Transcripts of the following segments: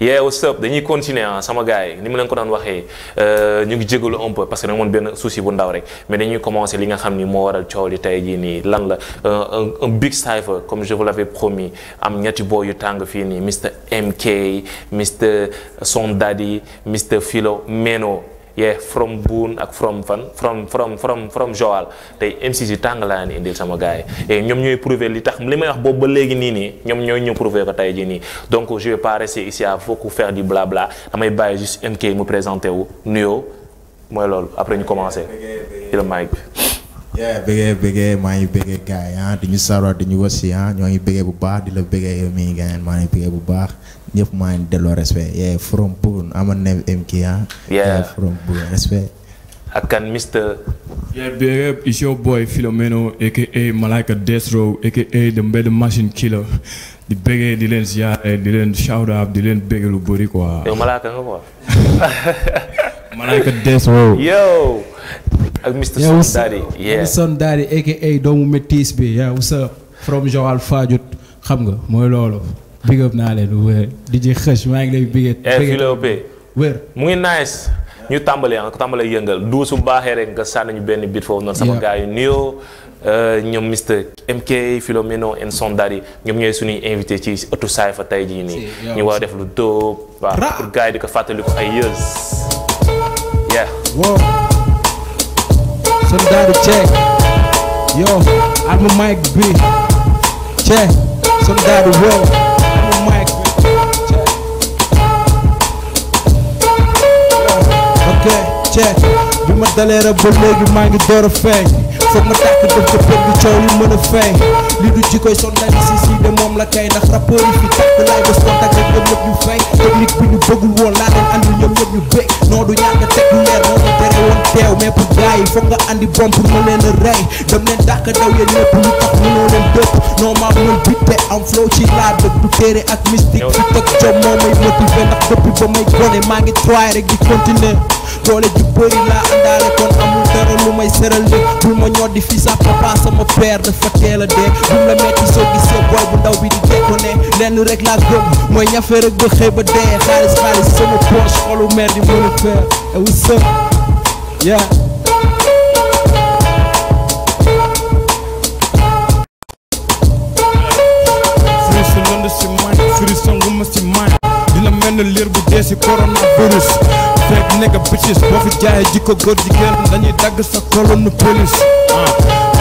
yeah what's up dañuy continue, ah hein, sama gars ni ma leen ko daan waxee euh, ñu ngi un peu parce que dañu amoon benn souci bu ndaw rek mais dañuy commencer li nga xam ni waral coow li tey lan la un big cipher, comme je vous l'avais promis am ñetti boy yu Mr MK Mr Son Daddy Mr Philo Meno. yeah from Boune ak from fan from from from from Joal tey MCG tàng laa ni indil sama gars eh, ñoom ñooy prouver li tax li may wax boobu ba léegi nii nii ñoom ñooy ñu prouver ba tey jii nii donc je vais pas rester ici à beaucoup faire du blabla damay bàyyi juste MK mu présenté wu nuyoo mooy loolu après ñu commencé. jërëjëf mic bi. yeah bëggee bëggee maa ngi bëggee gars yi ah di ñu wasi ah ñoo ngi bëggee bu baax di la bëggee yow mii gars maa ngi bëggee ñëpp maa ngi delloo respect ah. yeah from Poon ama name MKA yeah from Poon respect akan Mr. Yeah, big up. It's your boy Filomeno, aka Malika Death Row, aka the Mad Machine Killer. di bëggee di leen di leen shout di leen bëggee lu bëri quoi. yow Malika nga quoi. Malika Death Row. yow. ak Mr. doomu métis bi yaa what's from Joal Fadiouth xam nga mooy loolu. big up naa leen wër DJ Xëch maa ngi lay big up. eh FLOP wër mu ngi nice. ñu tàmbali ah tàmbali yëngal duusu baaxee rek nga sànni ñu benn bit foofu noonu sama gars yi nuyoo eh, ñoom Mr MK Philomeno and Sondari ñoom ñooy suñuy invité ci ëttu Saifa fa tey jii nii ñu war a def lu dóob waaw pour gars yi di ko fàttali ko ay yëz yeah wow Sondari check yo arme mic bi check Sondari wow gay ceeb bi ma dalee ba léegi maa ngi door a feeñ foog ma tàkk def ca pët bi coow li mën a feeñ li du jikkoy son la si si de moom la kay ndax rapport yi tàkk laa leen andi ñoom ñëpp tere woon teew mais pour gars yi nga andi bom ma leen rey dem leen dàq daw yéen ñëpp lu tax mënoo leen dëpp non maa mën bitte am flow ci laa dëkk du téere ak mystique fi teg coow moo may motivé ndax depuis ba may gone maa ngi try rek di continuer doole ju bëri a dee bul la metti soo man dina mel ne liir bu dee si coronavirus fake nigga bitches boo fi jaayee jikko góor jigéen dañuy are sa the police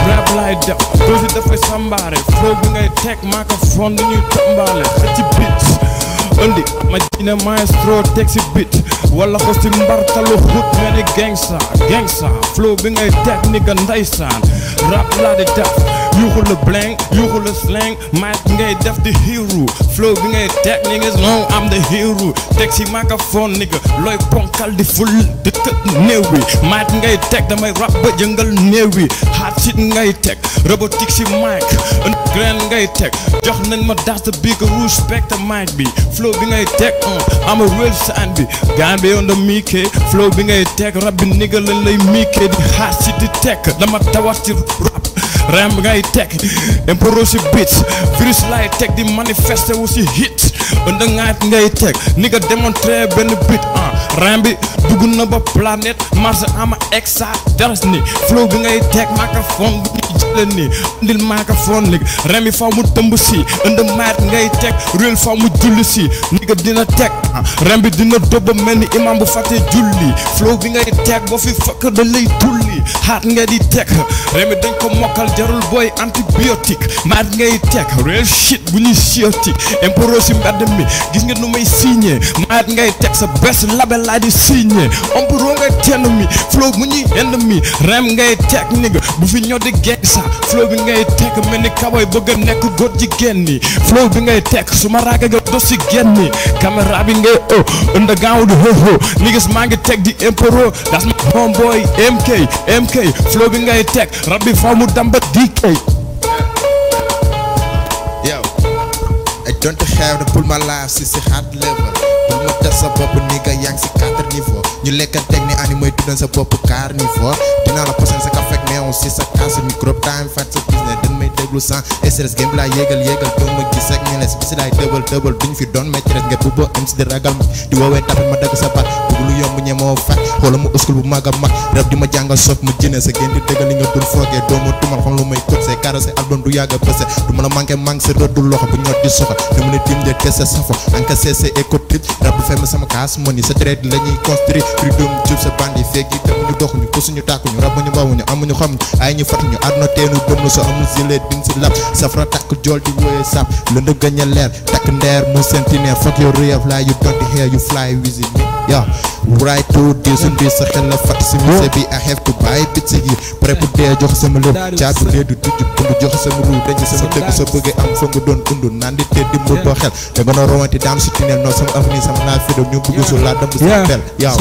rap laay def dosi dafay sambaare flow bi ngay teg maa ko fon dañuy tambaale xëcc beat ëndi ma dina maestro teg si beat wala ko si mbartalu xut mel ni gangsta gangsta flow bi ngay teg nigga ndeysaan rap like di def Joegele blank, le slang Maat ngay def de hero Flow bi ngay niggas know I'm the hero Texie si microphone nigga Loy ponkal di full dëkk néew bi Maat ngay teg damay rap ba jungle nee we Hard shit ngay tek robotique si mic Een grand ngay tek jox nañ ma das de big respect the might be, Flow bi ngay uh. I'm a real sign bi Gaan on the miike Flow bi ngay teg rap bi nigga le lay Di hard shit di teg dama tawat rap ram ngay teg imporosi beats virus laay teg di manifester wu si hit onda ngaat ngay teg ni nga benn beat ah bi dugg na ba planète Mars ama exa dars ni flow bi ngay teg microphone bi jëlen ni ndil microphone ni ram bi faw mu tëmb si onda maat ngay teg réel faw mu julli si ni dina teg ah bi dina a mel ni imam bu fàttee julli flow bi ngay teg boo fi fakk da lay tulli haat di tek remi dañ ko mokal jarul boy antibiotique maat ngay tek real shit bu ñu siotique emporo mi gis nga numay signé maat ngay tek sa best label la di signé pour nga tenn mi flow bu ñuy end mi rem ngay tek nigga bu fi ñodi di sa flow bi ngay tek melni ni bëgg nekk góor ji genni flow bi ngay tek suma raga ga dos si génn ni bi ngay o oh, ho ho gis ma ngi tek di emporo that's my homeboy mk MK flow bi ngay teg rab bi faaw mu damba DK. yo I don't have to pull my life since I had level. Magda sa bopp nigga yaa ngi si quatre niveau ñu lekka teg ni ani mooy dundal sa bopp carnivore dinaa la posen sa kafek neew si sa cancer microbe time fat sa business dañ may déglu sans stress game bi laa yéegal yéegal doo ma gis rek ñu les bisi laay dëbal dëbal duñ fi MC di ragal ma tapi woowee kesabat ma yang punya mau bëgg lu yomb ñemoo fat xoola ma uskul bu mag a mag rab di ma jàngal sopp ma jëne sa génn di dëggal li nga dul foogee doo ma tumal xam lu may kër see kaara say album du yàgg a bëse du ma la manqué manque sa di soxal dama ne dim de tese safo anka seese rabu fem sama kaas mën yi sa traite la ñuy construire prud'homme jub sa bandi feeg itam ñu doxuñu kusuñu tàkkuñu rabuñu bawuñu amuñu xamuñu ay ñu fatuñu àdduna teenu bënn sa amul gilet biñ si lab safra takk jool di wooyee sàpp lëndëggañ a leer takk ndeer mu sentineer foog yow réew laa yu dotti xeer yu fly wisi yeah right to deal sa xel la fat si musée bi I have to buy bitsi yi pré pour dee jox sama lépp caatu dee du tujj bund jox sama ruu dañu sama dëgg sa bëggee am fa nga doon dund naan di te di mbur boo xel da nga noo rawante daan su tineel noonu sama avenir sama naa fi doon ñu bëgg su laa dëmb sa pel yaaw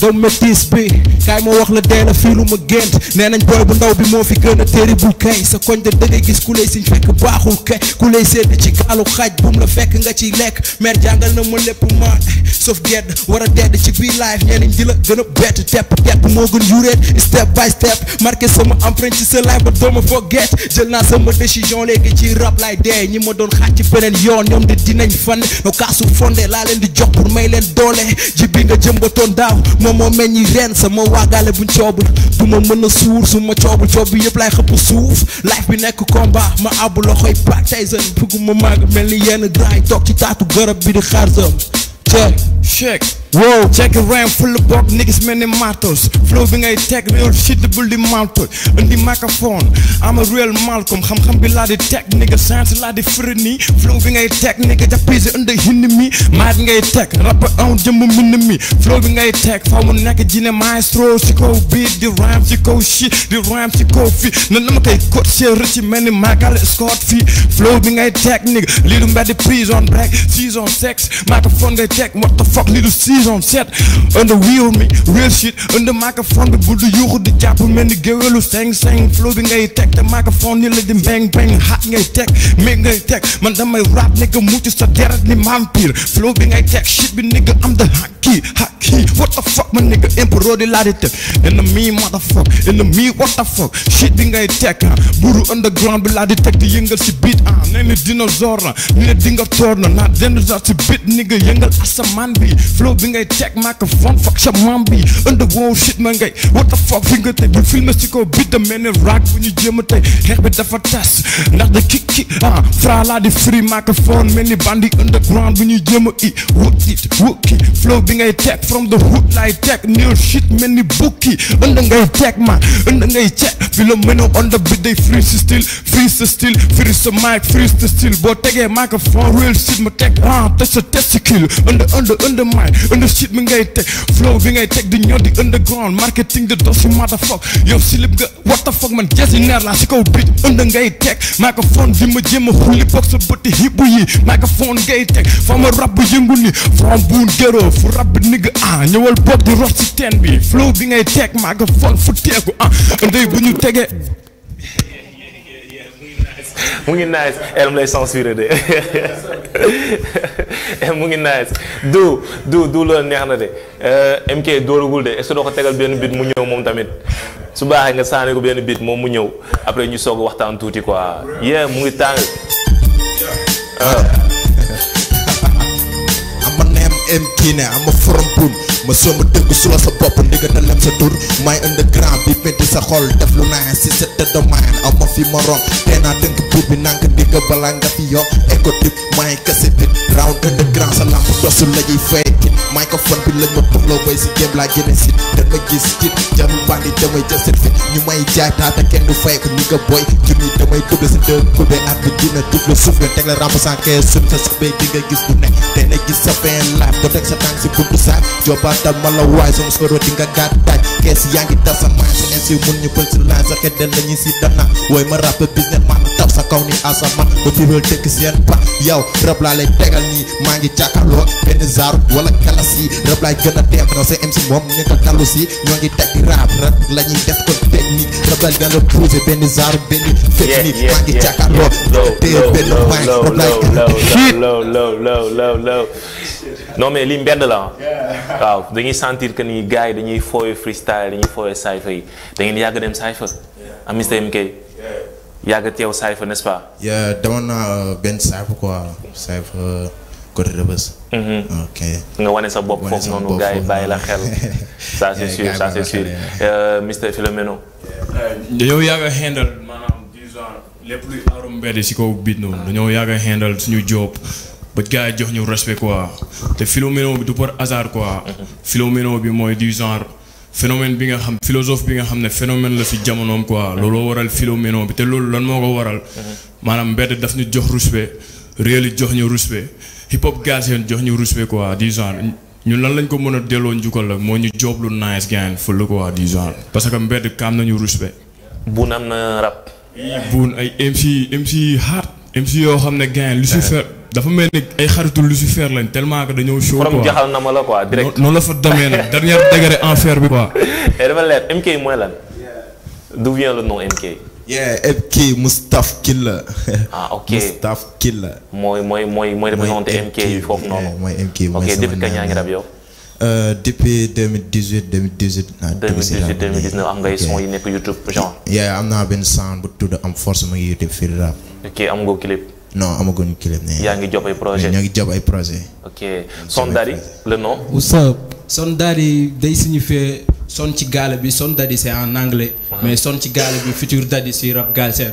doom métis bi kaay moo wax la dee la fii ma gént nee nañ booy bu ndaw bi moo fi gën a terrible kay sa koñ de dëgg gis ku lay siñ fekk baaxul kay ku lay sedd ci gaalu xaaj buum la fekk nga ci lekk mer jàngal na ma lépp ma sauf gedd war a dedd ci biir live ñeneen di la gën a bett tepp tepp moo gën yuréet step by step marqué sama empreinte ci sa live ba dooma forget jël naa sama décision léegi ci rab lay dee ñi ma doon xaaj ci beneen yoon ñoom de dinañ laa leen di jox may leen doole ji bi nga jëmbatoon daaw moom moo meññi ren sama waagaale buñ coobul du ma mën a suur su ma coobul coob bi yëpp laay xëpp suuf life bi nekk combat ma àbbu loxoy Pat Tyson ma màgg mel ni yenn gars toog ci taatu garab bi di xaar zëm check wow check rain full boog niggas mel ni martos bi ngay teg real shit bul di malto bi laa di teg nigga science bi ngay teg nigga japise indi hindi mi maat ngay teg rap am jëmb mbind mi flow bi kaw biit di rhyme si kaw shit di ma koy coaché rëcci mel ni Michael Scott flow bi ngay teg nigga lii du mbedd prison break season sex ngay teg what the lii du is on set. me, real shit. On de microphone, the de jongen die de jappen met de guerrilla sang sang. Flow in tech, de microphone van let bang bang. Hot in tech, make in tech. Man, dan mijn rap, nigga, moet je staderen, niet mampier. Flow in je tech, shit, be nigga, I'm the hot haki. What the fuck, my nigga, emperor, die laat het In the me, motherfuck in the me, what the fuck. Shit, in je tech, huh? Boeru underground, be laat het tech, die she beat aan. en Nee, de dinosaur, nee, de dinger tornen. Na dinger, ze beat, nigga, jingel, asa man, be. Flow, ngay check microphone fuck sa maam bi underworld shit ma ngay what the fuck fi nga tey bu filmé si ko bit da mel ni raag bu ñu jéem a tey xeex bi dafa tas ndax de kikki ah fra laa di free microphone mel ni bandi underground bu ñuy jéem a i wook it wokki flow bi ngay teg from the hood lay teg new shit mel ni bukki ënd ngay teg ma ënd ngay check fi la menu onda bi day free si free si free sa mic free sa style boo tegee microphone real shit ma teg ah, te sa testicule kind mi ngay teg flow bi ngay teg di ñor underground marketing de dosi motherfuck yow silib nga what the man jesi neer si kaw bit ënd ngay teg microphone di ma jéem a xulli box sa bëtti hibu yi microphone ngay teg fa ma rab yëngu ni from buun gëroo fu rab nigga ah ñëwal boog di rot si teen bi flow bi ngay teg microphone fu teeku ah ënday bu ñu tegee mu ngi nice elm lay censuré de mu ngi nice du du du loolu neex na de euh, MK dóoragul de est doo ko tegal benn bit mu ñëw moom tamit su baaxee nga saani ko benn bit moom mu ñëw après ñu soog waxtaan tuuti quoi yeah mu ngi tàng I'm a name MK now, I'm a from Poon ma soo ma dëgg sula sa bopp ndiga na lem sa tur may underground bi penti sa xol def lu naan si sa tëdd maan am ma fi morom tee naa dënk buur bi nànk ndigga balaa nga fi yo écotrip may kase fit round underground sa lamp dosu la ñuy fekki microphone bi lañ ma pour loo bay si jéem laa génne si dama gis kit jarul bandi damay jël fit ñu may jaay taata kenn du fay ko ñu nga boy junni damay double si deux coude at bi dina double suuf nga la ramp sans caisse ma dama la waay sama soro di nga gàttaaj kees yaa ngi dal sa maay sa MC mun ñu pël si line sa xeddal la ñuy si dana wooy ma rap business man taw sa kaw ni asamaan ba firal dëkk seen pa yow rap laa lay tegal nii maa ngi jàkkaarloo benn zaaru wala galas yi rap laay gën a dem na sa MC moom ñu nga talu si ñoo ngi teg di rap rap la ñuy def ko technique rap low, low, low, low, low, low, low, low, low, low, low, low, low, low, low, low, low, low non mais li mbedd la waaw dañuy sentir que nii gars yi dañuy fooye freestyle dañuy fooye cypher yi da ngeen yàgg dem cypher am Mr MK yàgg teew cypher n'est-ce pas. demoon naa euh, benn cypher quoi cypher euh, côté Rebeuss. Mm-hmm. wane sa bopp foofu noonu gars bàyyi la xel. ça c'est sûr ça c'est sûr euh, Mr Philomeno. dañoo yàgg handle lépp luy aarum mbedd si kaw biit noonu dañoo yàgg handle suñu job. ba gars yi jox ñu respect quoi te phénomène bi du par hasard quoi. phénomène bi mooy du genre phénomène bi nga xam philosophe bi nga xam ne phénomène la fi jamonoom quoi looloo waral phénomène bi te loolu lan moo ko waral. maanaam mbedd daf ñu jox respect réel jox ñu respect hip hop gars yi jox ñu respect quoi du genre ñun lan lañ ko mën a delloo njukkal la moo ñu jooblu nice gain fële quoi du genre parce que mbedd kaam nañu respect. buun am na rap. buun ay MC MC dafa mel ni ay xaritu Lucifer lañ tellement que dañoo show. quoi jaxal na ma quoi direct. noonu la fa demee nag dernier degré enfer bi quoi. Eh, dafa leer MK mooy lan. d'où vient le nom MK. yeah MK Moustapha Killa. ah ok Moustapha Killa. mooy mooy mooy mooy représenté MK yi foofu non mooy MK mooy ok depuis kañ yaa ngi rab yow. Euh, depuis 2018 2018. ah 2018 2019 am ngay son yi nekk YouTube genre. yeah am naa benn son bu tudd am force ma YouTube fii rap. ok am go clip. non amaguñu clip ne. yaa ngi job ay projet ñoo ngi job ay projet ok Sondari le nom. Oussa Sondari day signifier son ci gaal bi Sondari c'est en anglais. mais son ci gaal bi futur dadi si rap Galsen.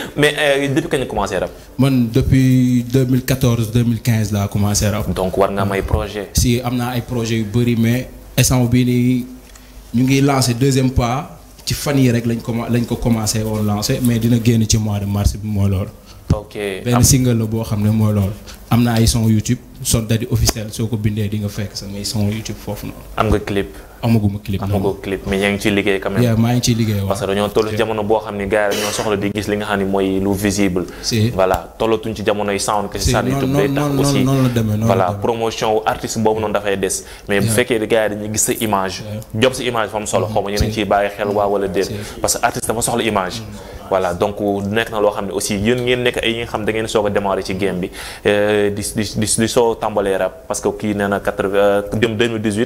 mais euh, depuis quand nga commencé rap. man depuis 2014 2015 j'ai commencé rap. donc war nga am projet si j'ai naa ay projets yu bëri mais instant bii nii ñu ngi lancé deuxième pas ci fan yi rek lañ ko lañ ko commencé on lancé mais dina génn ci mois de mars bi mooy loolu. ok ben single la boo xam ne mooy loolu. ay son YouTube Son Daddy officiel soo Bindé di nga fekk sont son YouTube fort. non? am nga clip. amaguma clip. amagoo clip mais yaa ngi ciy liggéey quand même. maa ngi ciy liggéey parce que dañoo toll ci jamono boo xam ne gars yi dañoo soxla di gis li nga xam ne mooy lu visible. si tollatuñ ci jamono sound. que si sànni day tax aussi voilà promotion wu boobu noonu dafay des. mais bu fekkee gars yi dañuy gis sa image. job sa image fa solo xaw ma ñeneen ciy bàyyi xel waa wala déet. parce que artiste dafa soxla image. Mm. voilà donc nekk na loo xam ne aussi yéen a démarrer ci euh, que kii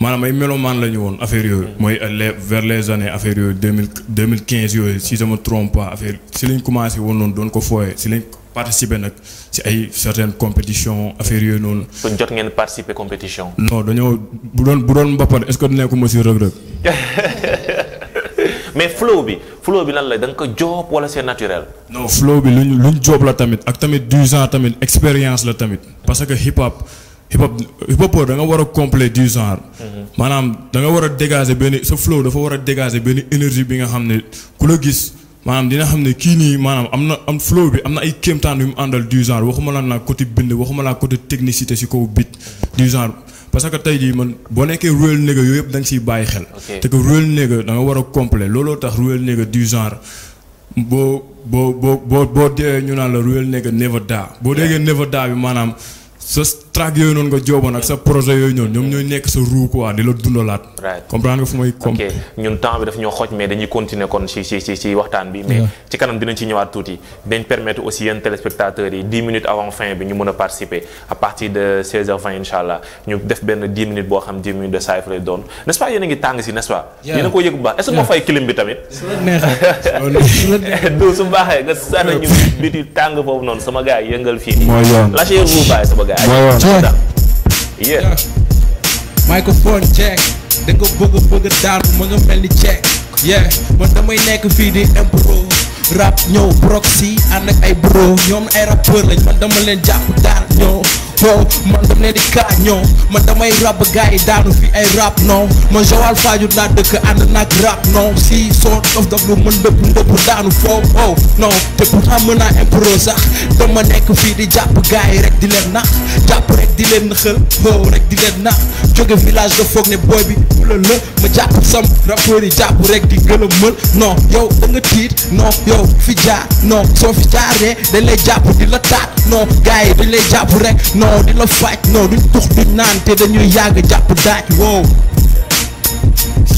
maanaam ay mélomanes la ñu woon affaire yooyu. mooy les vers les années affaire yooyu deux yooyu si je me trompe pas affaire si lañ commencé woon noonu doon ko fooyee si lañ participer nag si ay certaines compétitions affaire yooyu noonu. kon jot ngeen participer compétition. non dañoo bu doon bu doon mbappat est-ce que nekkuma si rëg-rëg. mais flow bi flow bi lan la da nga ko joob wala c'est naturel. non flow bi luñ luñ joob la tamit ak tamit 10 ans tamit expérience la tamit parce que hip hop. hip hop hip hop da war a complet du genre. Mhm. maanaam da nga war a dégager benn sa flow dafa war a dégager benn énergie bi nga xam ne ku la gis maanaam dina xam ne kii nii maanaam am na am flow bi am na ay kéemtaan yu mu àndal du genre waxuma la nag côté bind waxuma la côté technicité si kaw bit du genre. parce que tey jii man boo nekkee real nigga yooyu yëpp da nga siy bàyyi xel. te que real nigga da war a complet looloo tax real nigga du genre boo boo boo boo boo dee ñu naan la real nigga never die boo déggee never bi maanaam sa track yooyu noonu nga jooboon ak sa projet yooyu noonu ñoom ñooy nekk sa roue quoi di la dundalaat. comprendre nga fu may. ok ñun temps bi daf ñoo xooj mais dañuy yi 10 minutes avant fin bi ñu mën a participer de 16h20 incha ñu def benn 10 minutes boo xam 10 minutes de saa yu fa lay doon n'est-ce pas yéen a ngi a ko yëg bu baax est moo fay clim bi tamit. du su baaxee nga sànni ñu biti tàng foofu noonu sama gaa yëngal fii. mooy yoon lâché roue bàyyi sama gars Yeah. Michael Ford Jack. go nga booger bëgg daanu ma nga mel ni Jack. yeah man damay nekk fii the impro rap ñëw proxy ànd ak ay bro ñoom ay rappeur lañ man dama leen jàpp ñoo wow man dam ne di kaañoo man damay rab gars yi daanu fi ay rap non man Joal Fadiouth laa dëkk ànd nag rap non si soo dof dof lu mën ndëpp ndëpp daanu foofu wow oh, non te pourtant mën naa impro sax dama nekk fii di jàpp gars yi rek di leen nax jàpp rek di leen xël wow rek di leen nax jóge village de foog ne booy bi la la ma jàpp sam rappeur jàpp rek di gën a mën non yow tiit non yow fi jaar non soo fi jaaree dañ lay jàpp di la taat non gars yi jàpp jàpp rek non di la faj non duñ tux duñ naan te dañuy yàgg jàpp daaj wow.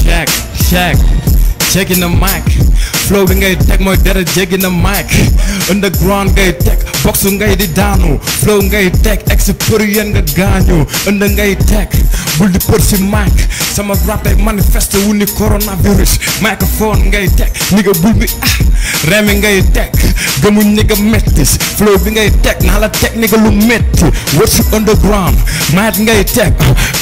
check check jéggi na mic flow bi ngay teg mooy dara jéggi na mic underground ngay teg box ngay di daanu flow ngay teg expérience nga gaañu ënd ngay teg bul di për si mic sama rap day manifeste wu ni coronavirus microphone ngay teg ni nga bul bi ah ramming a deck, gumu nigga met this, flowing a deck, nala technical lu met, what's underground, mad nga a deck,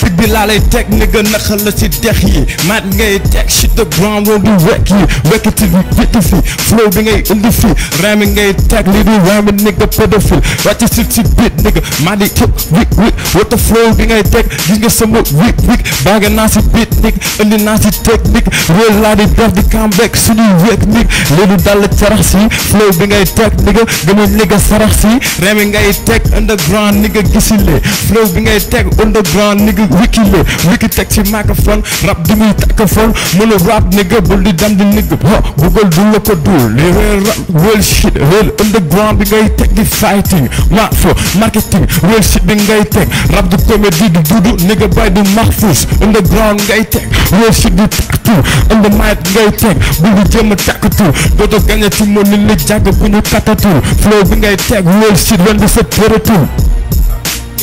big bilale tech nigga nakalasi dechy, mad a deck, shit the ground won't be wrecky, wreck it till we get the fee, flowing a in the fee, ramming a deck, little ramming nigga pedophile, watch a 60 bit nigga, money took, wick wick, what the flow? flowing a deck, you get some wick wick, wick. bag a nasty bit nigga, and the nasty technique, real lady, the comeback, so you wreck nigga, little da yàlla carax si flow bi ngay teg ni nga gëmal sarax si rem ngay teg underground nigga nga gisile flow bi ngay teg underground ni wikile wiki teg ci microphone rap di muy takafon mën a rap nigga nga bul di dam di ni google du la ko dul li rap real shit real underground bi ngay teg di fighting ma fo marketing real shit bi ngay teg rap du comedy du dudu nigga nga bay du maxfus underground ngay teg real shit di taktu under mic ngay teg bul di jëm a taktu dootoo gañati moo nit ñi jàng bu ñu katatul flow bi ngay teg wall shit when bi sa përëtul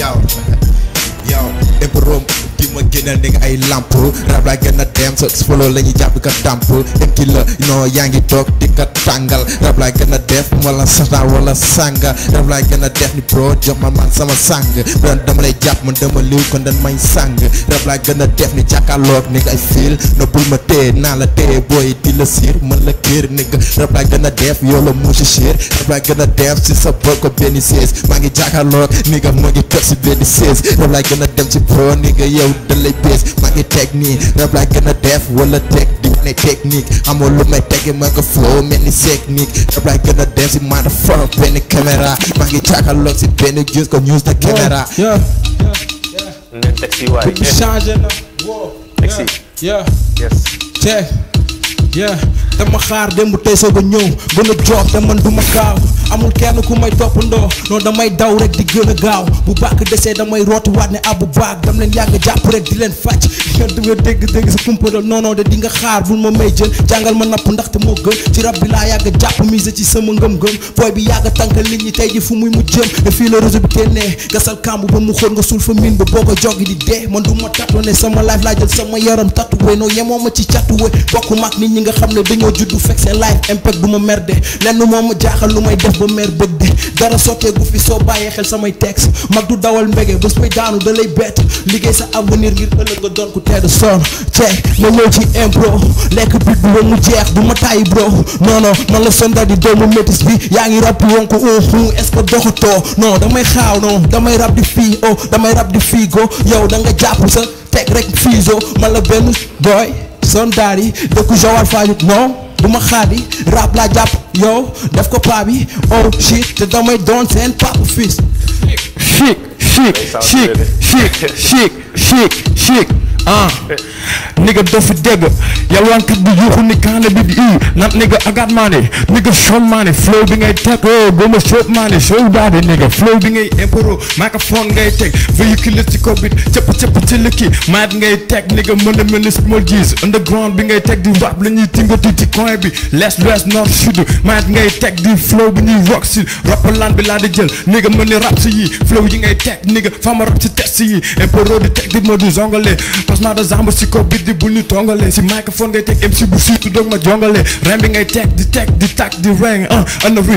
yow ma génneel ni nga ay lamp rab laa gën a dem sa foloo la ñuy jàpp ka dàmp dem ki la non yaa ngi toog di ka tàngal rab laa gën a def wala satan wala sànga rab a def ni bro jox ma man sama sàng bu doon dama lay jàpp man dama liw kon dañ may sàng rab laa gën a def ni jàkkaarloog ni nga fiil no bul ma téye naa la téye booy di la siir man la kër ni a def yow la musi a def ngi toog si benn sées rab laa gën a dem si bro ni nga yow dëllëj bees maa ngi teg nii rab laa gën a def wala teg di wane technique amul lu may tege ma nga flow many ni technique rab laa gën a def si maa dafa benn caméra maa ngi càkkaloog si benn juice ko use the caméra Yeah, yeah, neen taxi waay taxi yes Check. dama xaar démb tey soog a ñëw gën a joog te man du ma kaaw amul kenn ku may toppandoo non damay daw rek di gën a gaaw bu baax desee damay rooti waat ne abu baax dam leen yàgg jàpp rek di leen di nga xaar bul ma may jël jàngal ma napp ndaxte moo gën ci rab bi laa yàgg jàpp mise ci sama ngëm-ngëm booy bi yàgg tànkal nit ñi tey ji fu muy mu jëm fii la réseau bi génnee gasal kàmb ba mu xóot nga suul fa min ba boo ko joggi di dee man du ma tatoo ne sama life laa jël sama yaram tatoué ma ci catoué nga xam ne dañoo juddu fekk seen life impact du ma mer de lenn moom ma jaaxal lu may def ba mer bëgg de dara sokkee gu fi soo bàyyee xel samay texte mag du dawal mbege bés may daanu da lay bett liggéey sa avenir ngir ëllëg nga doon ku tedd sonn ceeb ma ñëw ci impro lekk bit bu ba mu jeex du ma tàyyi bro non non man la sonda di doomu métis bi yaa ngi rap woon ko uuxu oh, hmm, est-ce que damay xaaw non damay rap di fii oh damay rap di fii go yow da nga jàpp sa teg rek fiiso man la benn boy Son daddy, sondaari dëkku Joal Fadiouth non bu ma xaadi rap laa jàpp yo. def ko paa bi oh shit te damay doon seen papa fils chic chic chic chic chic chic ah nigga dofi dégg yalwaankat bi yuuxu ni kaane bi di ii naan nigga agat maane nigga show money, flow a ngay Oh, go goma show money, show daade nigga flow bi a imporo microphone ngay teg véhicule ci ko bit cëpp cëpp ci lëkki maat ngay teg nigga mën a mel ni small gis underground bi a teg di rap la ñuy tingati ci coin bi less l'ouest nord sud maat ngay teg di flow bi a rock si rappalaan bi laa di jël nigga mën ni rap si yi flow yi ngay teg nigga fama rap si test yi imporo di teg di ma du zongale placement de jambe si ko bit di bu ñu tongalee si microphone ngay teg MC bu siitu ma jongalee rem bi ngay teg di teg di tak di reng ah ana ma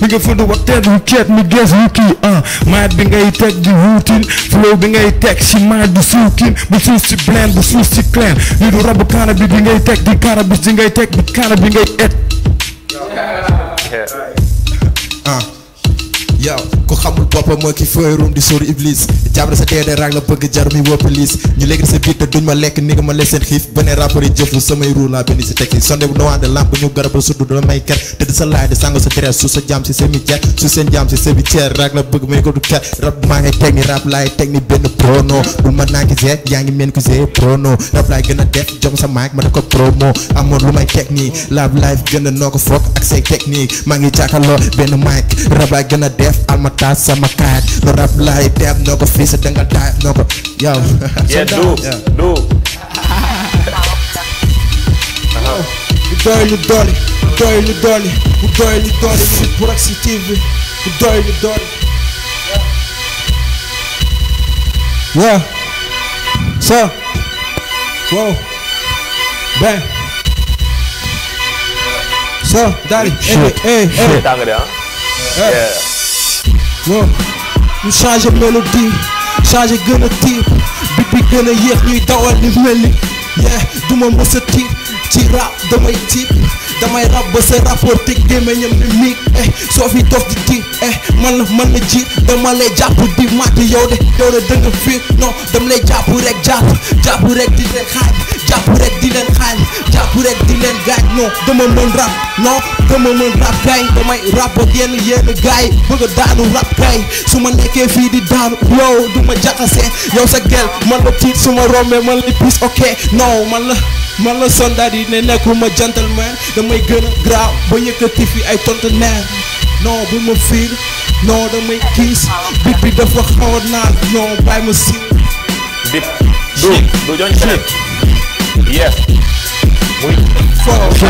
bi nga fënd wateet wu ceet mi gees wuti ah. ngay teg di wuutin flow bi ngay teg si maat bu suukin bu suuf bu suuf si clan li du rabu kaana bi bi ngay teg di kaana bis di ngay teg di kaana bi ngay et ah. yow ku xamul boppam moo ki fooy di suur iblis jàpp sa teede raag la bëgg jar mi woppi liis ñu léegi sa biir te duñ ma lekk ni ma lekk seen xiif beneen rapport yi jëflu may ker te di laay di sàngo sa terees ko du ker rab teg ni rab laay teg ni benn prono bu ma naa ngi zee ngi men ki zee prono rab laay gën a def jom sa maag ma def ko promo amoon lu may teg nii lab life gën a noo ko foog maa ngi jàkkaarloo benn maag a def def alma taas sama kaat lu rab laay teeb noo ko fii sa danga taay noo ko yow yee du du bu doy lu dooli bu doy lu dooli bu doy lu dooli mu Proxi TV bu doy lu dooli yeah so Whoa, ben so daal. Hey, hey, hey. tàng de ah. waaw ñu changé mélodie changé gën a tiir bi bi gën a yéex ñuy dawal ni mel ni yee du ma ci rap damay tiir damay rap ba sa rapport te gémmiñam eh, soo fi dof di tiir eh, man na man na ci dama lay jàpp di màtt yow de yow de dënga fiir non dama lay jàpp rek jàpp jàpp rek di rek xaaj jàpp rek di leen xaañ jàpp rek di leen gaañ non dama mën rap non dama mën rap gaay damay rap yenn yenn gaay bëgg a daanu rap gaay su ma nekkee fii di daanu yow du ma yow sa gel man la tiit su ma rombee man la pis ok non man la man la soldat yi ne nekkuma gentleman damay gën a graaw ba yëkkati fi ay tontenaire non bu ma fiir non damay kiis bip bi dafa xaw a naan non bàyyi ma siiw bip du du joñ Uh-huh. Yeah. Muy solo sí,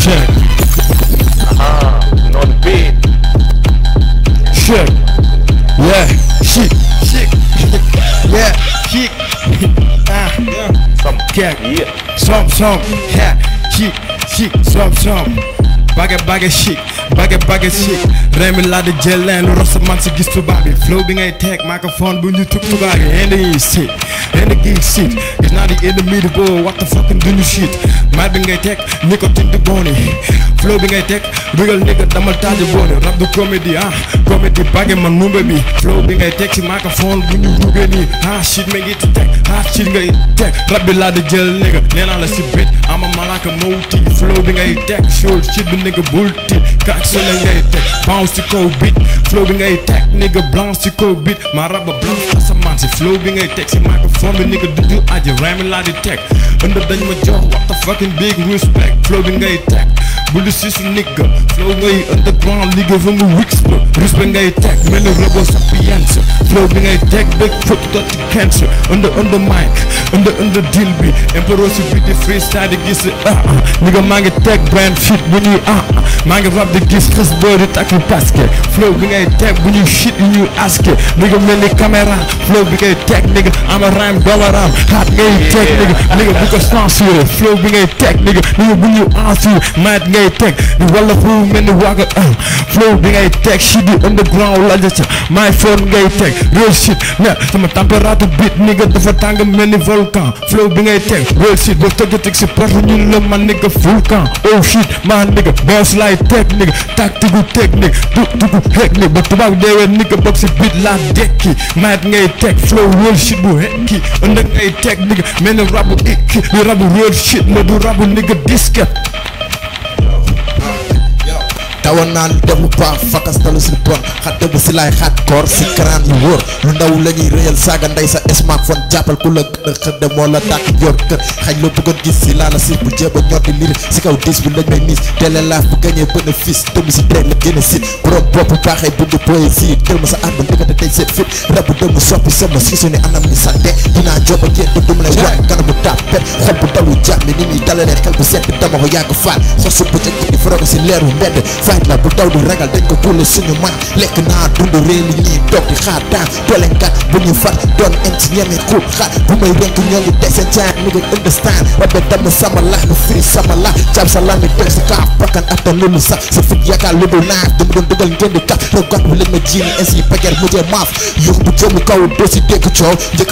sí. Ajá, no olvides. Shit. Yeah. Shit. Shit. Ah, yeah. Shit. Ah. Some. Yeah. yeah. Some. Some. Yeah. Shit. Shit. Some. Some. Bagger, bagger, shit. bagge bagge chic remi la jël leen lu rosa man si gis tubaab bi flow bi ngay teg microphone bu ñu tug tubaab yi indi yi sit indi gi sit body in the middle wat What the fucking do you shit My bi tek, teg ni ko tind booni flow bi ngay nigga, dugal nigga damal taaje booni rap du comedy, ah comedy, bagge ma numbe bi flow bi ngay tech, si microphone bu you rub any ah shit me it tech, ha, ah shit ngay tek, rap the gel gel nigga nena la si I'm ama malaka moo tiit flow bi ngay tek, short shit the nigga bul tiit kaak so la bounce to kaw beat flow bi ngay tek, nigga blanc to kaw beat ma rap blanc Als je flow bi ngay teg nigga do bi nigga dugg aji rhyme laa di teg ënd dañ ma Joe, what the fucking big respect flow bi ngay tech. Bullets is een nigga Flow ngay underground nigga van the wixper Rust ben je tag met een robo sapiens. Flow ben je tag big foot tot de cancer Under under mic, under under deal be Emperor si beat de freestyle ik gis ah uh, Nigga man ngi tag brand shit when you uh uh, Maa ngi rap de gis xës boy di paske Flow bi je tag ben je shit ben je asker. Nigga met de camera Flow bi je tag nigga I'm a rhyme dollar hot Haat tech tag nigga Nigga bu ko censurer Flow bi je tag nigga Nigga bu ñuy ensure Maat ngay ngay teg di walla fu the ni waaga uh, flow bi ngay teg shit di underground la ja uh, my phone ngay tech, real shit na sama température beat nigga the tàng mel ni volcan flow bi ngay teg real shit boo tëggatig si porte you love my nigga volcan oh shit my nigga boss lay tech nigga tech, teg do tutugu hek nigga ba there a nigga boog si beat laa My maat ngay teg flow real shit bu hekki Under ngay tech, nigga Man a rabu ikki di rabu real shit la du rabu nigga disque tawa naan demu paa fakas talu si bon xat dëbb si laay xaat koor si crane yu wóor lu ndaw la ñuy rëyal saaga ndey sa smartphone jàppal ku la gën a xëdde moo la tàkk yor kër xaj loo bëggoon gis si laa la si bu jéem a ñor di si bu gañee bénéfice dëmm a sit borom bopp baaxee bind poésie dëmm sa ànd ndëkkate tey seet fit rabu bu dalu jàmmi ni muy dalalee xel bu set dama ko yàgg faat xos su bëccëg di forogo si leeru mbedd fayit la bu daw di ragal dañ ko buule suñu man lekk naa dund réew ñii toog di xaar daan dolenkat bu ñu far doon am ci ñeme xuub xaar bu may denk ñoo ngi dese jaay ñu ngi understand rabe dama sama lax nu firi sama lax caab sa lami teg sa kaaf bakkan attan loolu sax ma jiini ainsi pager mujjee maaf yuux bu jëmu si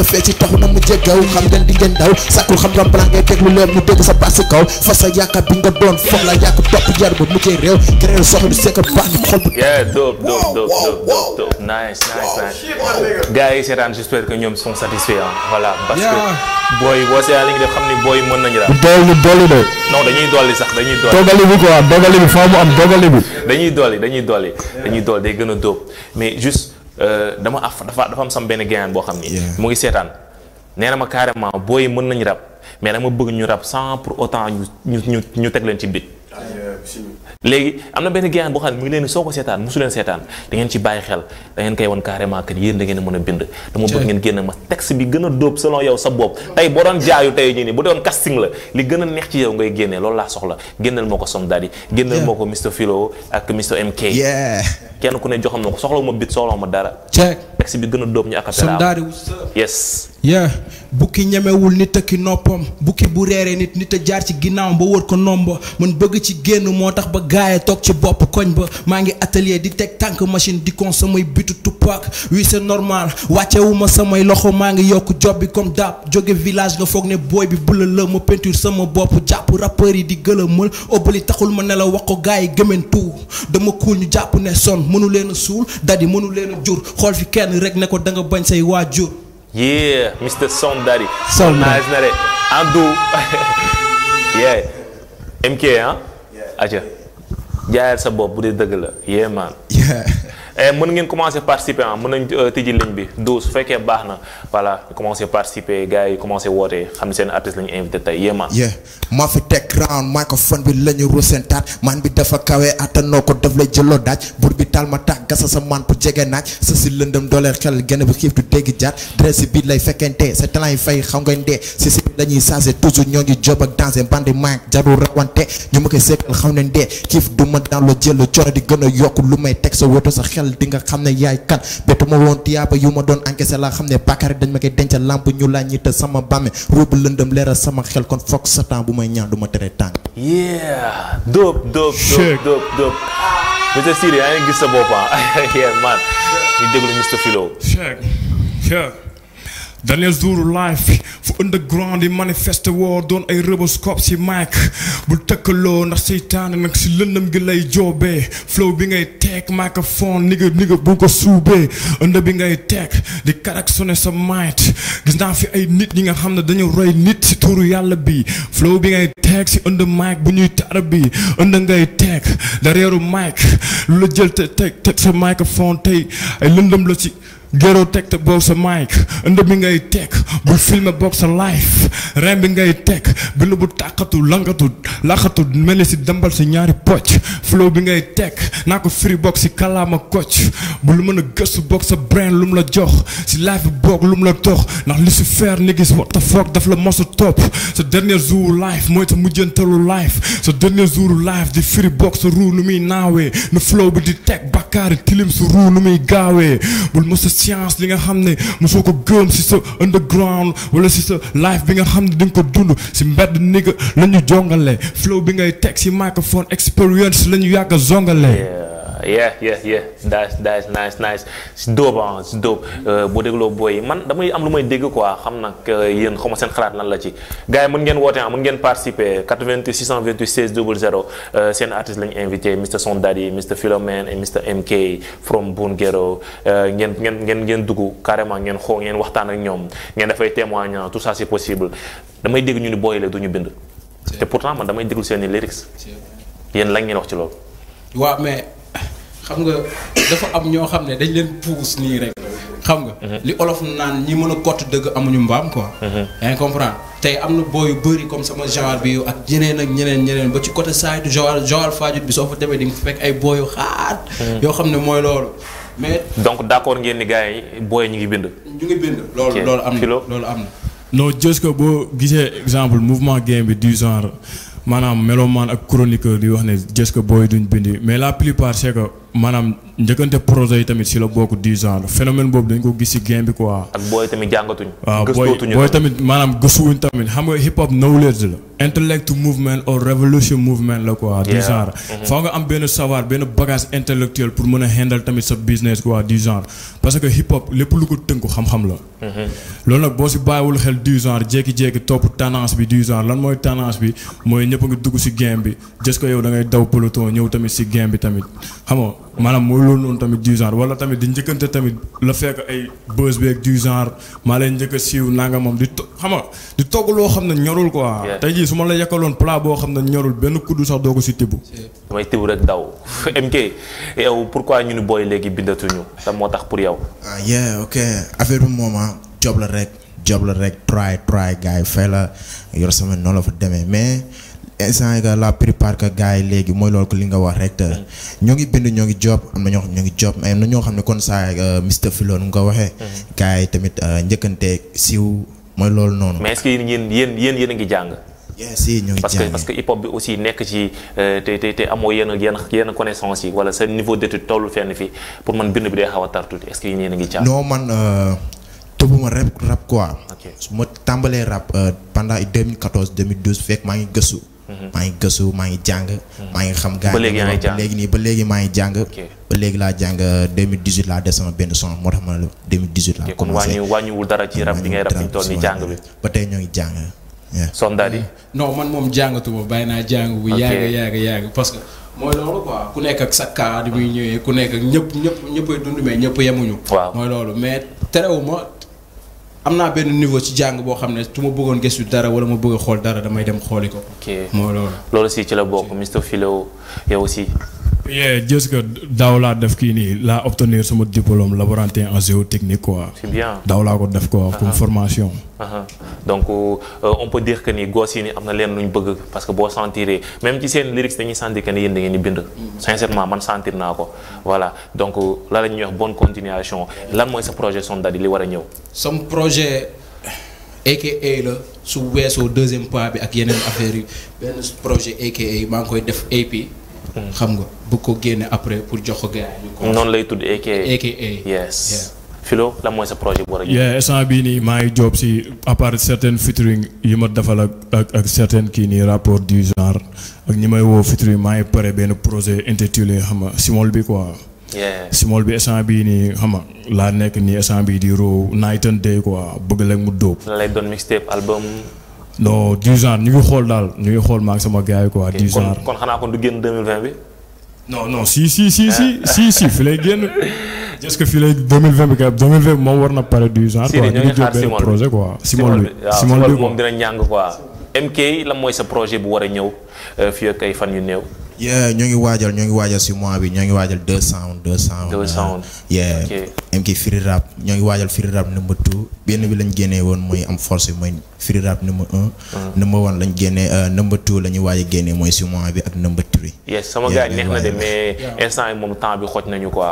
a fee ci taxu na mujjee gaw xam ngeen di ngeen daw sàkkul xam ram balaa ngay déglu leer ñu dégg sa baat si kaw fa sa yaakaar bi nga doon foog la yàq topp jar ba mujjee réew gëneel soxla du sekk baax ni xol bu top nice nice nice gars yi seetaan j'espère que ñoom sont satisfaits voilà parce que booy boo seetaan li nga def xam ni booy mën nañu daal. doole doole de. non dañuy dolli sax dañuy dolli. dogali bi quoi dogali bi faaw mu am dogali bi. dañuy dolli dañuy dolli. dañuy dolli day gën a dóob mais juste euh, dama af dafa dafa am sam benn gayaan boo xam ni. mu ngi seetaan nee na ma carrément booy mën nañu rap mais dama bëgg ñu rap sans pour autant ñu ñu ñu teg leen ci bit. léegi am na benn géeyaan boo xam ne mu ngi leen soo ko seetaan mosu leen seetaan da ngeen ci bàyyi xel da ngeen koy woon carrément que yéen da mën a bind dama bëgg ngeen génn ma texte bi gën a dóob selon yow sa bopp doon jaayu tey la li gën a neex ci yow ngay génnee loolu laa soxla génneel moo ko Som Daddy génneel moo ko Mr Philo ak kenn ku ne joxam na ko soxla ma bit soxla ma dara texte bi gën a dóob ñu acapella yes yaa bukki ñemewul nit a ki noppam bukki bu reeree nit nit a jaar ci ginnaaw ba wër ko nomba man bëgg ci génn moo tax ba gaaya toog ci bopp koñ ba maa ngi atelier di teg tànk machine di kon samay bitu tupaak oui c'est normal wàccewuma samay loxo maa ngi yokk job bi comme dab jóge village nga foog ne booy bi bula la ma peinture sama bopp jàpp rappeur yi di gëlëmal obali taxul ma ne la wax ko gars yi gëmen tout dama kuul ñu jàpp ne son mënu leen a suul dadi mënu leen a xool fi kenn rek ne ko da nga bañ say waajur Yeah, Mr. Sound Daddy. Sound nice na de Andu. yeah. MK ah. aja jaayal sa bopp bu dee dëgg la. yeah man. yeah. Eh, mën ngeen commencer participer ah mën nañ euh, tijji ligne bi 12 su fekkee baax na voilà commencer participer gars yi commencer wootee xam ne seen artiste la ñu invité tey yéema maa fi teg round microphone bi la ñu bi dafa kawee attanoo ko daf lay jëloo daaj bur bi taal ma tax gasa sa man bu jege naaj sa si lëndëm dooleel xel genne bu xiif du dégg jaar dress bi lay fekkente sa talent fay xam ngay ndee si ñuy changé toujours ñoo ngi job ak danse bandi maag jaru rawante ñu ma koy sekkal xam ne ndee xiif du ma daan lo jël coono di gën a yokk lu may teg sa woto sa xel dal xam ne yaay kan bettu ma woon tiyaaba yu ma doon encaissé laa xam ne bàkkaar dañ ma koy dencal làmp ñu laa ñitta sama bàmme ruubu lëndëm leeral sama xel kon foog sa temps bu may ñaan du ma tere tàng yeah dope dope dope dope monsieur Siri yaa ngi gis sa bopp ah yeah man ñu déglu Mr Daniel Zuru live fu ënd underground yi manifeste woo doon ay rëboscope si mic bu tëkkaloo ndax seytaane nag si lëndëm gi lay joobee flow bi ngay teeg microphone nigga nigga bu ko suubee ënd bi ngay teeg di karactionné sa mic gis naa fi ay nit ñi nga xam ne dañu roy nit si tuuru yàlla bi flow bi ngay teeg ci ënd mic bu ñuy taara bi ënd ngay teeg derrière mic lu la jël te teg teg sa microphone tey ay lëndëm la ci gerotect boo sa mic ënd bi ngay teg bu filmé boog sa life ren bi ngay teg bi lu bu tàqatu langatu laqatu mel ni si dambal si ñaari pocc flow bi ngay teg naa ko firi boog si kalaama kocc bu lu mën a gëstu boog sa brain lu mu la jox si life bi boog lu mu la dox ndax li si faire ni gis what the fuck daf la mos a topp sa dernier jour life mooy sa mujjantalu life sa dernier jour life di firi boog sa ruu nu muy naawee na flow bi di teg bakkaari tilim su ruu science li nga xam ne mosoo ko gëm si sa underground wala si sa life bi nga xam ne di ko dund si mbedd ni nga la ñu jongale flow bi ngay teg si microphone experience la ñu yàgg a jongale yeah yeah yeah nice nice nice nice si dope ah si dope bo deglo boy man damay am lu may dégg quoi xamna que yeen xoma sen xalat lan la ci gaay yi mën ngeen woote ah mën ngeen participer 88 628 16 00 artiste lañ invité Mr Son Daddy Mr Philomène et Mr MK from Bungero euh, ngeen ngeen ngeen ngeen duggu carrément ngeen xoo ngeen waxtaan ak ñom ngeen da fay témoignage tout ça c'est possible damay deg ñu ni boy la duñu bind té pourtant man damay deglu sen lyrics yeen lañ ngeen wax ci lool wa mais xam nga dafa am ñoo ne dañ leen nii rek xam nga mhm. li olof naan ñi mën a kott amuñu mbaam quoi mhm. yaa ngi comprendre tey am na comme sama genre bi ak ñeneen ak ñeneen ñeneen ba ci côté Joal Joal bi fekk ay mhm. mais donc d'accord ngeen ni gars yi ngi bind ngi bind loolu loolu non que exemple mouvement game bi du genre maanaam meloman ak chroniqueur di wax duñ mais la plupart c'est que maanaam njëkkante projet yi tamit si la bokk dix ans la phénomène boobu dañ ko gis si game bi quoi. ak booy tamit jàngatuñ. Ah, gëstootuñu waaw booy tamit maanaam gëstuwuñ tamit xam nga hip hop knowledge la. intellect movement or revolution movement la quoi. du genre mm-hmm. faaw nga am benn savoir benn bagage intellectuel pour mën a handle tamit sa business quoi du genre parce que hip hop lépp lu ko tënku xam-xam la. Mm-hmm. loolu nag boo si bàyyiwul xel du genre jékki-jékki topp tendance bi du genre lan mooy tendance bi mooy ñëpp a ngi dugg si game bi jës ko yow da ngay daw peloton ñëw tamit si game bi tamit xam maanaam mooy loolu noonu tamit du genre wala tamit di njëkkante tamit la fekk ay buzz beeg du genre maa leen njëkk a naa nanga moom di to xam nga di togg loo xam ne ñorul quoi. tey jii su ma la yekkaloon plat boo xam ne ñorul benn kuddu sax doo ko si tibb. damay tibb rek daw MK yow pourquoi ñu ni booy léegi bindatuñu te moo tax pour yow. ah yeah ok affaire bi moom ah, job la rek job la rek try try gars yi fay la yor sama noonu la fa demee mais. instant que la plupart que gars yi léegi mooy loolu ko li nga wax rek mm. ñoo ngi bind ñoo ngi job am na ñoo xam ñoo ngi job am na ñoo xam ne kon saa euh, Mister Filone nga ko waxee. Mm. gars yi tamit euh, njëkkante siiw mooy loolu noonu. mais est-ce que yéen yéen yéen a ngi jàng. si ñoo ngi jàng parce que parce que hip hop bi aussi nekk ci euh, te te te amoo yenn yenn yenn connaissance yi wala sa niveau d'étude tollu fenn fii pour man bind bi day xaw a tar tuuti est-ce que a ngi jàng. non man. tëbuma rap rap quoi. su ma tàmbalee rap pendant 2014 2012 fekk maa ngi gëstu. maa ngi gëstu maa ngi jàng. maa ngi xam gars yi ba léegi nii ba léegi maa ngi jàng. ba léegi laa jàng 2018 laa des sama benn son moo tax ma ne 2018 laa. commencé kon wàññiwul dara ci rab bi ngay rab bi toll nii bi. ba tey ñoo ngi son daal di. non man moom jàngatuma bàyyi naa jàng bu yàgg yàgg yàgg parce que. mooy loolu quoi ku nekk ak sa cas di muy ñëwee ku nekk ak ñëpp ñëpp ñëppay dund mais ñëpp yemuñu. waaw mooy mais terewuma am naa benn niveau ci jàng boo xam ne su ma bëggoon gëstu dara wala ma bëgg xool dara damay dem xooli ko. ok moo loolu. loolu aussi ci la bokk Mister Philo yow aussi. Yeah, juste que Daola def kii nii laa obtenir diplôme laborantin en géotechnique quoi. c'est bien Daola ko def quoi. comme ah, ah. formation. Ah, donc euh, on peut dire que ni gos yi ni am na parce que ñu bëgg parce que boo sentiree même ci seen lyrics dañuy sentir que ni yéen da ngeen di bind. sincèrement man sentir naa voilà donc euh, la la ñuy wax bonne continuation lan mooy ce projet Sondady li war a ñëw. sama projet. AKA la su weesoo deuxième pas bi ak yeneen affaire Ben projet AKA maa ngi koy def AP. Hmm. xam nga. bëgg ko génne après pour jox ko gars yi. noonu lay tudd AKA. AKA yes. Philo lan mooy sa projet bu war a. yeah instant bii nii maa ngi job si à part certaines featuring yi ma defal ak ak ak certaines kii nii rapport du genre ak ñi may woo featuring maa ngi pare benn projet intitulé xam nga simol bi quoi. simol bi instant bii nii xam nga laa nekk nii instant bii di roo night and day quoi bëgg leen mu dóob. lan lay doon mixtape album. non du genre ñu ngi xool daal ñu ngi xool maa sama gars yi non non si si si si si si fi lay génn. est que fii lay 2020 bi kat 2020 bi moom war na pare du genre. quoi ñu ngi xaar Simon projet quoi. Simon bi Simon bi moom dina ñàng quoi. MK lan mooy sa projet bu war a ñëw euh, fii ak ay fan yu néew. yeah ñoo ngi waajal ñoo ngi waajal si mois bi ñoo ngi waajal deux sound deux sound. deux sound yeah ki Free ñoo ngi waajal Free Rap numéro two benn bi lañ génnee woon mooy am force bi mooy Free Rap numéro un. Mm. numéro one lañ génnee euh, numéro two la ñuy waaj a génnee mooy si mois bi ak numéro three. yes sama gars neex na de mais instant yi moom temps bi xoj nañu quoi.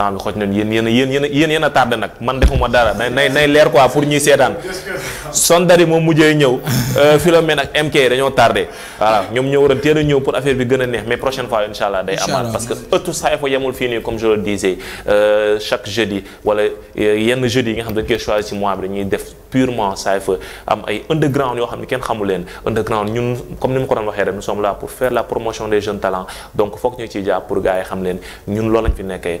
temps bi xoj nañ yéen yéen yéen yéen nag man defuma dara nay nay leer quoi pour ñuy seetaan sondari moom mujjee ñëw Philomène euh, ak MK dañoo tardé voilà ñoom ñoo war a teel ñëw pour euh, euh, yi def purement saa fa am underground yoo xam ne kenn xamu leen underground ñun comme ni ma ko doon waxee rek nous sommes là pour faire la promotion des jeunes talents donc foog ñu ciy pour gars yi xam leen ñun loolu lañ fi nekkee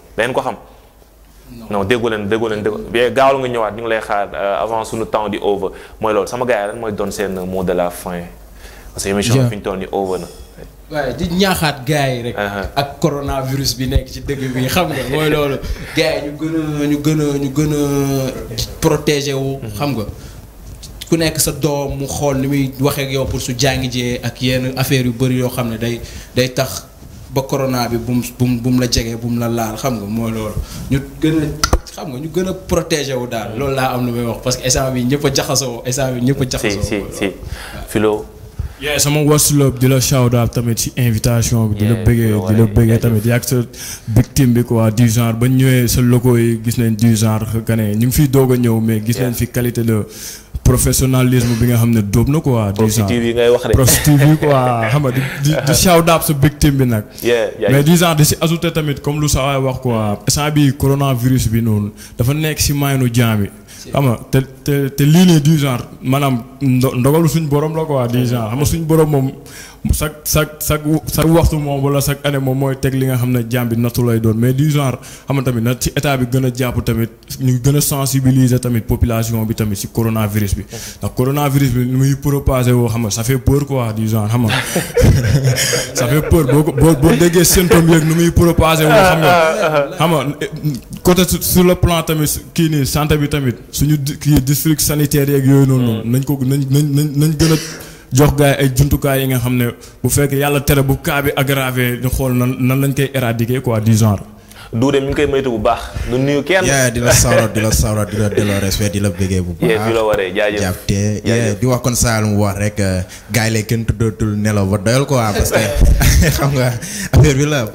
dangeen ko xam. non déggu leen déggu leen déggu bien gaawal nga ñëwaat ñu ngi lay xaar euh, avant suñu temps di over mooy loolu sama gars yi lan mooy doon seen mot de la fin. parce que émission bi fi ñu toll nii over na. waaye di ñaaxaat gars yi rek. Uh-huh. ak coronavirus bi nekk ci dëgg bi xam nga mooy loolu. gars yi ñu gën a ñu gën a ñu gën a protéger wu. Mm-hmm. xam nga ku nekk sa doom mu xool li muy waxee ak yow pour su jàngi jee ak yenn affaire yu bëri yoo xam ne day day tax. ba corona bi bu mu bu la jege bu mu la laal xam nga moo loolu ñu gën a xam nga ñu gën a protéger wu daal loolu laa am lu may wax parce que instant bi ñëpp a jaxasoo instant bi ñëpp a jaxasoo. si si sama waslob di la shout out tamit ci invitation bi. di la bëggee di la bëggee tamit yàgg sa victime bi quoi du genre ba ñëwee sa logo yi gis nañ du genre que ne ñu ngi fiy doog a ñëw mais gis nañ fi qualité de. professionnalisme bi nga xam ne dóob na quoi. dix ans yi ngay wax de. prostitute xam nga di di di shout out sa victime bi nag. mais dix di si ajouté tamit comme lu sa waay wax quoi. instant bi coronavirus bi noonu dafa nekk si maynu jaam bi. xam nga te te te lii nii dix ans maanaam ndogalu suñ borom la quoi dix ans xam suñ borom moom. chaque chaque chaque chaque waxtu moom wala chaque année moom mooy teg li nga xam jambi jaam lay doon mais du genre xamna tamit na ci état bi gëna japp tamit ñu gëna sensibiliser tamit population bi tamit ci coronavirus bi ndax coronavirus bi nu muy propagé woo xam ça fait peur quoi du genre xamna ça fait peur boo ko boo symptôme déggee symptômes yeeg nu muy propagé woo xam nga ah, ah, ah. côté sur le plan tamit ki ni santé bi tamit suñu district sanitaire yeeg yooyu noonu non mm. nañ ko nañ nañ nañ nañ jox gars yi ay jumtukaay yi nga xam ne bu fekk yàlla tere bu cas bi aggravé ñu xool nan nan lañ koy éradiquer quoi du genre. duude mi ngi koy moytu bu baax du nuyu kenn. di la sawro di la sawro di la delloo respect di la bëggee bu baax. jàpp te di wax kon Saalum wax rek euh, gars yi kenn tuddootul nelaw ba doyal ko waa parce xam nga affaire bi la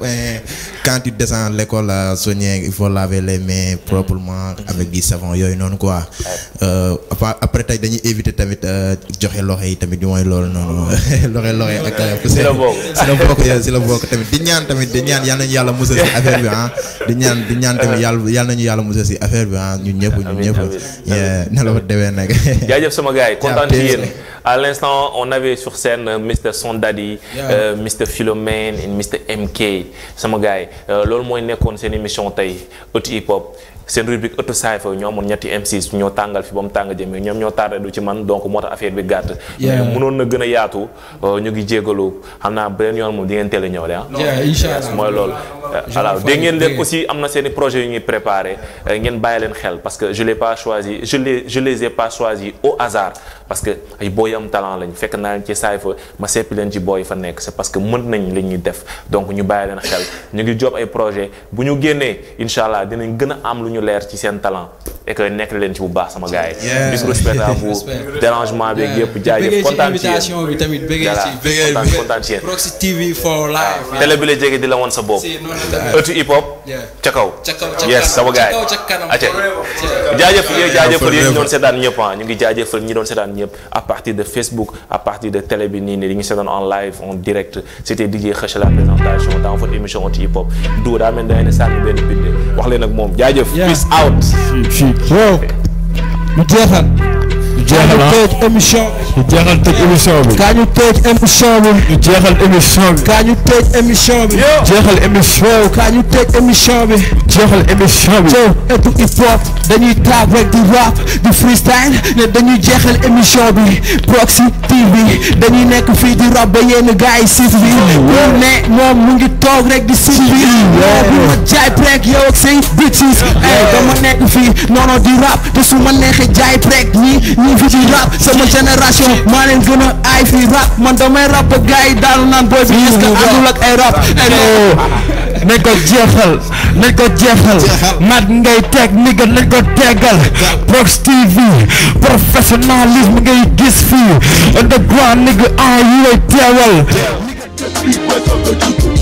quand tu descends l'école euh, soigner il faut laver les mains proprement avec du savon yooyu noonu quoi euh, après tey dañuy éviter tamit joxe loxo yi tamit mooy loolu noonu loxo loxo ak. si la bokk si tamit di ñaan tamit di ñaan yal nañu yàlla bi ah. di ñaan di ñaan tamit yàlla yàlla nañu yàlla musal si affaire bi ah ñun ñëpp ñun ñëpp ne la fa demee nag jaajëf sama gars yi kontaan ci yéen à l'instant on avait sur scène euh, Mr Sondadi euh, Mr Philomène et Mr MK sama gars yi euh, loolu mooy nekkoon seen émission tey Eutu Hip Hop sen rubrique auto saay fa ñetti M6 ñoo tangal fi ba mu jëm jëmee ñoom ñoo tardé du ci man donc moo affaire bi gatt mais mënon na gëna a yaatu euh, ñu ngi jégalu xamna benen beneen yoon moom di ngeen télé a ñëw de ah. incha allah mooy loolu. Euh, alors dégg ngeen leen aussi amna na seen i yu ñuy préparé euh, ngeen bàyyi leen xel parce que je l'ai pas choisi je les je les ai pas choisi au hasard parce que ay booy am talent lañ fekk naa ci saay ma sépp leen ci boy fa nekk c'est parce que mën nañ li ñuy def donc ñu bàyyi leen xel ñu ngi job ay projet bu ñu génnee inshallah dinañ gëna am lu ñu ci seen talent et que nek leen ci bu baax sama gars yi. bis respect à vous dérangement bi yépp jaajëf kontaan ci invitation bi tamit bëggee ci bëggee voilà ci yéen. TV for life. télé bi la jege di la woon sa bopp. ëttu hip hop. ca kaw yes sama gars yi acca jaajëf yéen jaajëfal yéen ñi doon sétane ñëpp ah ñu ngi jaajëfal ñi doon sétane ñëpp à partir de Facebook à partir de télé bi ni nii dañuy seetaan en live en direct c'était DJ Kheuch la présentation dans votre émission ëttu hip hop Doura mel da ngeen di sànni benn bind wax leen ak mom jaajëf. miss out. Well, Mutefan. jeexal ah ñu tëj émission bi. ñu jeexal tëj émission bi. jeexal émission bi. ñu tëj émission bi. jeexal émission bi. ñu tëj émission bi. jeexal émission bi. so etu hip hop dañuy trap rek di rap di freestyle dañuy jeexal émission bi Proxi TV dañuy nekk fii di rap ba yenn gars yi site bi. pour ne moom mu ngi toog rek di site bi. waaw bi ma jaay prek yow ak say bitches. dama nekk fii non di rap te su ma neexee jaay prek ñi fi ci rap sama génération maa leen gën a aay fi rap man damay rap ba yi daanu naan booy bi est-ce que àndul ak rap ay nañ ko jeexal nañ ko teg ni ko tegal Prox TV professionnalisme ngay gis fii underground ni nga aay yi lay